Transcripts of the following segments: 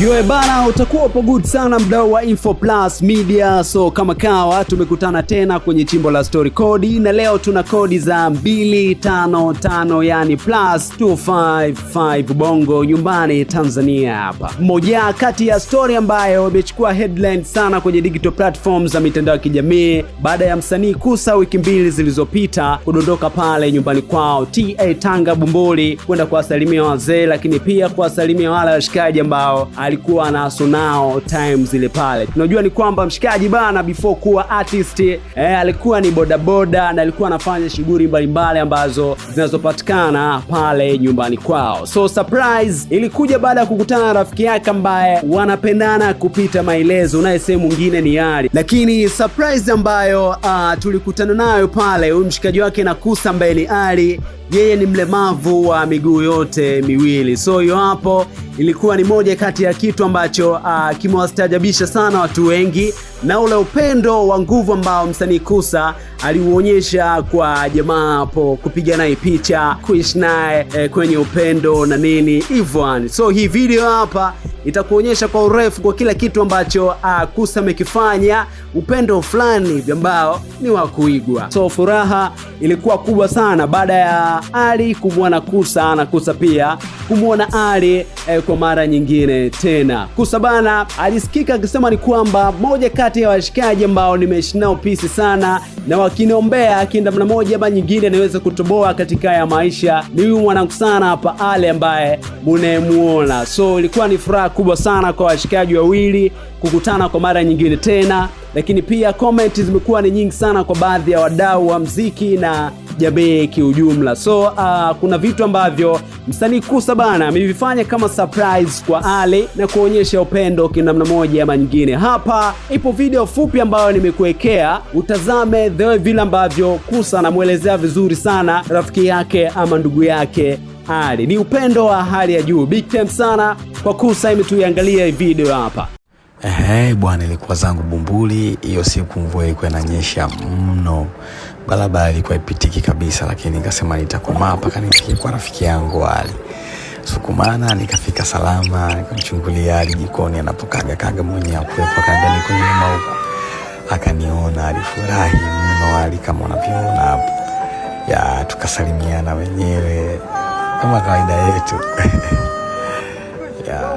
Yoe bana, utakuwa upo good sana mdau wa Info Plus Media. So kama kawa, tumekutana tena kwenye chimbo la story kodi, na leo tuna kodi za 255 yani plus 255 bongo nyumbani Tanzania. Hapa moja kati ya story ambayo imechukua headline sana kwenye digital platforms za mitandao ya kijamii baada ya msanii Kusa wiki mbili zilizopita kudondoka pale nyumbani kwao TA Tanga Bumbuli kwenda kuwasalimia wazee, lakini pia kuwasalimia wale washikaji ambao alikuwa anaso nao time zile pale. Tunajua ni kwamba mshikaji bana, before kuwa artist eh, alikuwa ni bodaboda na alikuwa anafanya shughuli mbalimbali ambazo zinazopatikana pale nyumbani kwao. So surprise ilikuja baada ya kukutana na rafiki yake ambaye wanapendana kupita maelezo, naye sehemu mwingine ni Ali, lakini surprise ambayo uh, tulikutana nayo pale, huyu mshikaji wake Nakusa ambaye ni Ali yeye ni mlemavu wa miguu yote miwili. So hiyo hapo ilikuwa ni moja kati ya kitu ambacho uh, kimewastajabisha sana watu wengi na ule upendo wa nguvu ambao msanii Kusa aliuonyesha kwa jamaa hapo, kupiga naye picha, kuishi naye e, kwenye upendo na nini ivan. So hii video hapa itakuonyesha kwa urefu kwa kila kitu ambacho a, ah, Kusa amekifanya, upendo fulani ambao ni wa kuigwa. So furaha ilikuwa kubwa sana baada ya Ali kumwona Kusa na Kusa pia kumwona Ali e, kwa mara nyingine tena. Kusa bana alisikika akisema ni kwamba moja kati ya washikaji ambao nimeishi nao pisi sana na wakiniombea kindamna moja ama nyingine niweze kutoboa katika ya maisha. Ni huyu mwanangu sana hapa Ale ambaye munayemuona. So ilikuwa ni furaha kubwa sana kwa washikaji wawili kukutana kwa mara nyingine tena lakini pia comment zimekuwa ni nyingi sana kwa baadhi ya wadau wa mziki na jamii kiujumla. So uh, kuna vitu ambavyo msanii Kusa bana amevifanya kama surprise kwa Ali na kuonyesha upendo kinamna moja ama nyingine. Hapa ipo video fupi ambayo nimekuwekea, utazame the vile ambavyo Kusa anamwelezea vizuri sana rafiki yake ama ndugu yake Ali. Ni upendo wa hali ya juu. Big time sana kwa Kusa, imetuiangalia video hapa. Hey, bwana, ilikuwa zangu Bumbuli. Hiyo siku mvua ilikuwa inanyesha mno, barabara ilikuwa ipitiki kabisa, lakini nikasema nitakomaa mpaka nifike kwa rafiki yangu Ali Sukumana. Nikafika salama, nikamchungulia Ali jikoni anapokaga kaga mwenye mwenyewe, akaangalia kwenye mauko, akaniona. Alifurahi mno Ali kama unavyoona hapo ya, tukasalimiana wenyewe kama kawaida yetu ya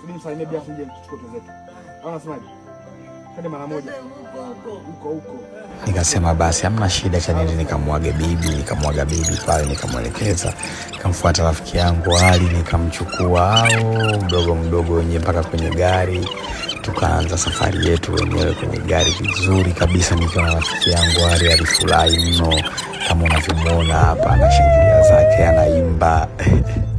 Subiri msalimie bila sije zetu. tuzetu. Wanasemaje? Kade mara moja. Huko huko. Nikasema basi hamna shida cha nini nikamwage bibi, nikamwaga bibi pale nikamwelekeza, kamfuata rafiki yangu Ali nikamchukua au mdogo mdogo wenye mpaka kwenye gari. Tukaanza safari yetu wenyewe kwenye gari vizuri kabisa, nikiwa na rafiki yangu Ali. Alifurahi mno kama unavyomwona hapa, anashangilia zake, anaimba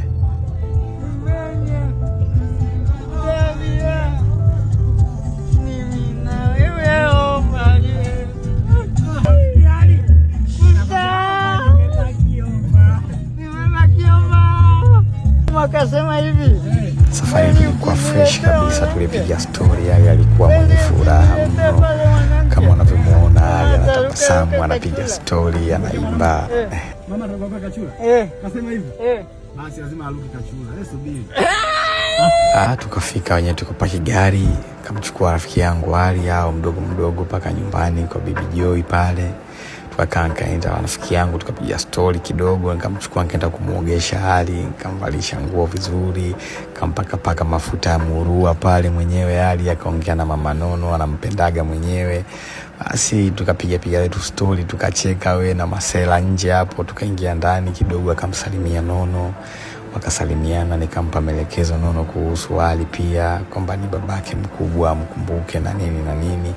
wakasema hivi. Safari ilikuwa fresh kabisa, tulipiga stori. Ali alikuwa mwenye furaha mno, kama unavyomuona. Ali ah, anatabasamu, anapiga stori, anaimba. Eh. Eh. Eh. Ah, tukafika wenyewe tukapaki gari, kamchukua rafiki yangu Ali au mdogo mdogo mpaka nyumbani kwa bibi Joy pale mpaka nkaenda rafiki yangu tukapiga stori kidogo, nkamchukua nkaenda kumwogesha hali, nkamvalisha nguo vizuri, kampakapaka mafuta ya murua pale mwenyewe. Hali akaongea na mama Nono, anampendaga mwenyewe. Basi tukapigapiga letu stori, tukacheka we na masela nje hapo, tukaingia ndani kidogo, akamsalimia Nono wakasalimiana nikampa maelekezo Nono kuhusu hali pia kwamba ni babake mkubwa, mkumbuke na nini na nini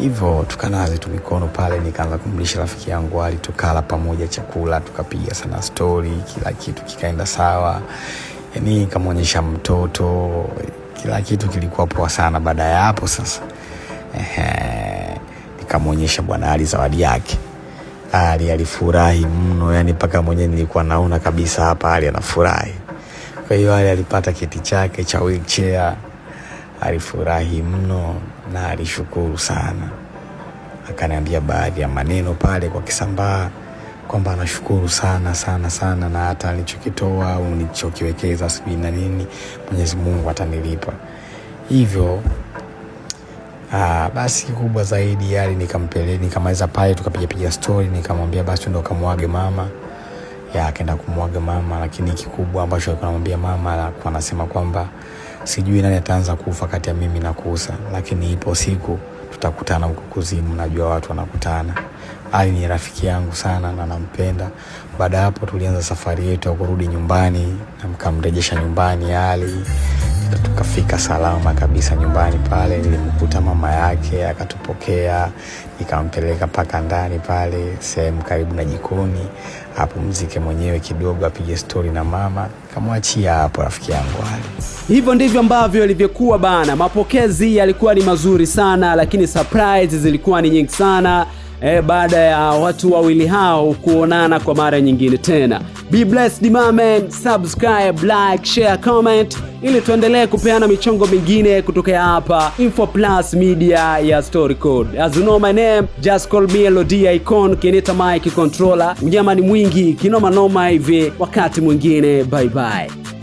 hivyo tukanazi tu mikono pale, nikaanza kumlisha rafiki yangu ali tukala pamoja chakula, tukapiga sana stori, kila kitu kikaenda sawa, yani kamwonyesha mtoto, kila kitu kilikuwa poa sana. Baada ya hapo sasa, ehe, nikamwonyesha bwana Ali zawadi yake. Ali alifurahi mno, yani mpaka mwenyewe nilikuwa naona kabisa hapa Ali anafurahi. Kwa hiyo Ali alipata kiti chake cha wheelchair, alifurahi mno na alishukuru sana, akaniambia baadhi ya maneno pale kwa Kisambaa kwamba anashukuru sana sana sana, na hata alichokitoa au nilichokiwekeza sijui na nini, Mwenyezi Mungu atanilipa hivyo. Aa, ah, basi kubwa zaidi yali nikampelea, nikamaliza pale tukapiga piga stori, nikamwambia basi ndo kamwage mama ya akaenda kumwaga mama, lakini kikubwa ambacho alikuwa anamwambia mama alikuwa anasema kwamba sijui nani ataanza kufa kati ya mimi na Kusa, lakini ipo siku tutakutana huko kuzimu, najua watu wanakutana. Ali ni rafiki yangu sana na nampenda. Baada hapo tulianza safari yetu ya kurudi nyumbani na mkamrejesha nyumbani Ali. Tukafika salama kabisa nyumbani pale, nilimkuta mama yake akatupokea, nikampeleka mpaka ndani pale sehemu karibu na jikoni, apumzike mwenyewe kidogo, apige stori na mama, kamwachia hapo rafiki yangu wale. Hivyo ndivyo ambavyo ilivyokuwa bana. Mapokezi yalikuwa ni mazuri sana, lakini surprise zilikuwa ni nyingi sana. E, baada ya watu wawili hao kuonana kwa mara nyingine tena. Be blessed, my Subscribe, like, share, comment ili tuendelee kupeana michongo mingine kutokea hapa Info Plus Media ya Story Code. As you know my name, just call me Elodie Icon, Keneta Mike Controller. Mnyama ni mwingi kinoma noma hivi, wakati mwingine, bye bye.